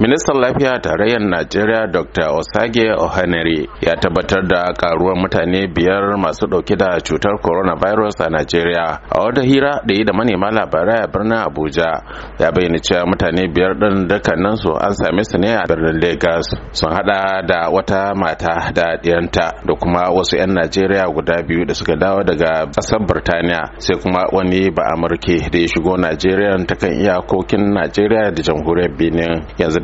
ministan lafiya tarayyar najeriya dr osage ohanere ya tabbatar da karuwar mutane biyar masu dauke da cutar coronavirus a najeriya a wata hira da yi da manema labarai a birnin abuja ya bayyana cewa mutane biyar din dukkanin su an same su ne a birnin lagos sun hada da wata mata da diyanta da kuma wasu 'yan najeriya guda biyu da suka dawo daga ƙasar birtaniya sai kuma wani ba amurke da ya shigo najeriya ta kan iyakokin najeriya da jamhuriyar benin yanzu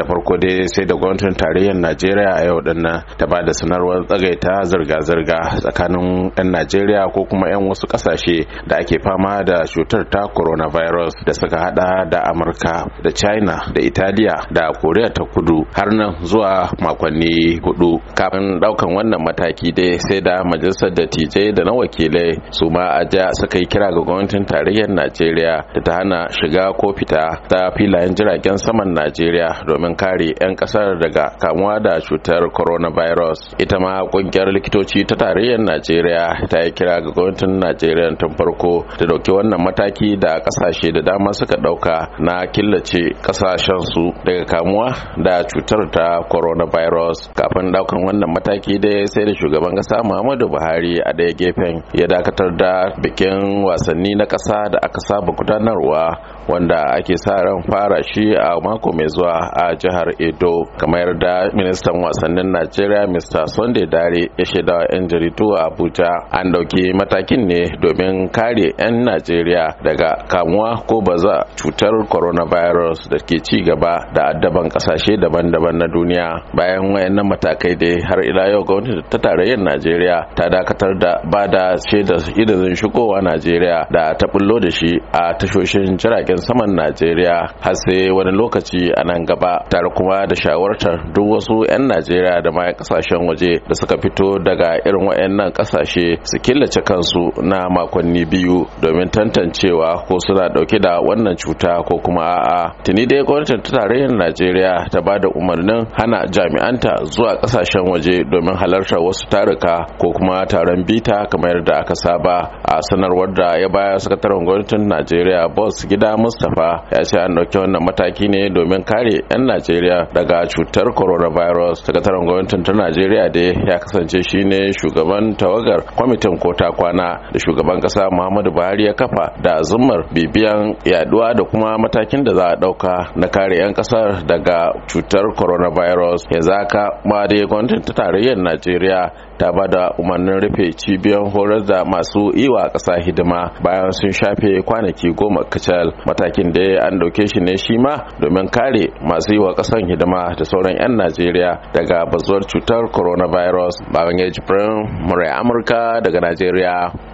farko dai sai da gwamnatin tarayyar najeriya a yau dinnan ta ba da sanarwar tsagaita zirga-zirga tsakanin 'yan najeriya ko kuma 'yan wasu kasashe da ake fama da cutar ta coronavirus da suka hada da amurka da china da italiya da korea ta kudu har nan zuwa makonni hudu kafin daukan wannan mataki dai sai da majalisar dattijai da na wakilai su ma a ja suka yi kira ga gwamnatin tarayyar najeriya da ta hana shiga ko fita ta filayen jiragen saman najeriya domin kare kare 'yan kasar daga kamuwa da cutar coronavirus ita ma kungiyar likitoci ta tarayyar najeriya ta yi kira ga gwamnatin najeriya tun farko ta dauki wannan mataki da kasashe da dama suka dauka na killace su daga kamuwa da cutar ta coronavirus kafin daukan wannan mataki da sai da shugaban kasa muhammadu buhari a daya gefen ya dakatar da bikin wasanni na kasa da aka saba gudanarwa wanda ake sa ran fara shi a mako mai zuwa a jihar edo kamar da ministan wasannin najeriya mr sunday dare ya shaida wa 'yan jaridu a abuja an dauki matakin ne domin kare 'yan najeriya daga kamuwa ko baza cutar coronavirus da ke ci gaba da addaban kasashe daban-daban na duniya bayan wayannan matakai dai har ila yau gwamnati ta tarayyar najeriya ta dakatar da ba da shaidar idazin shigowa najeriya da ta bullo da shi a tashoshin jiragen saman najeriya har sai wani lokaci a nan gaba tare kuma da shawartar duk wasu 'yan najeriya da ma kasashen waje da suka fito daga irin waɗannan kasashe su killace kansu na makonni biyu domin tantancewa ko suna ɗauke da wannan cuta ko kuma a'a tuni dai gwamnatin tarayyar najeriya ta ba da umarnin hana jami'anta zuwa kasashen waje domin halartar wasu taruka ko kuma taron bita kamar yadda aka saba a sanarwar da ya baya sakataren gwamnatin najeriya boss gida mustapha ya ce an ɗauki wannan mataki ne domin kare 'yan najeriya daga cutar coronavirus sakataren gwamnatin ta najeriya da ya kasance shine shugaban tawagar kwamitin kota kwana da shugaban kasa muhammadu buhari ya kafa da zumar bibiyan yaduwa da kuma matakin da za a ɗauka na kare 'yan kasar daga cutar coronavirus yanzu haka ma dai gwamnatin ta tarayyar najeriya ta ba da umarnin rufe cibiyar horar da masu yi wa ƙasa hidima bayan sun shafe kwanaki goma kacal matakin da an ɗauke shi ne shi ma domin kare masu yi wa ƙasan hidima da sauran 'yan najeriya daga bazuwar cutar coronavirus baban ya jibrin murai amurka daga najeriya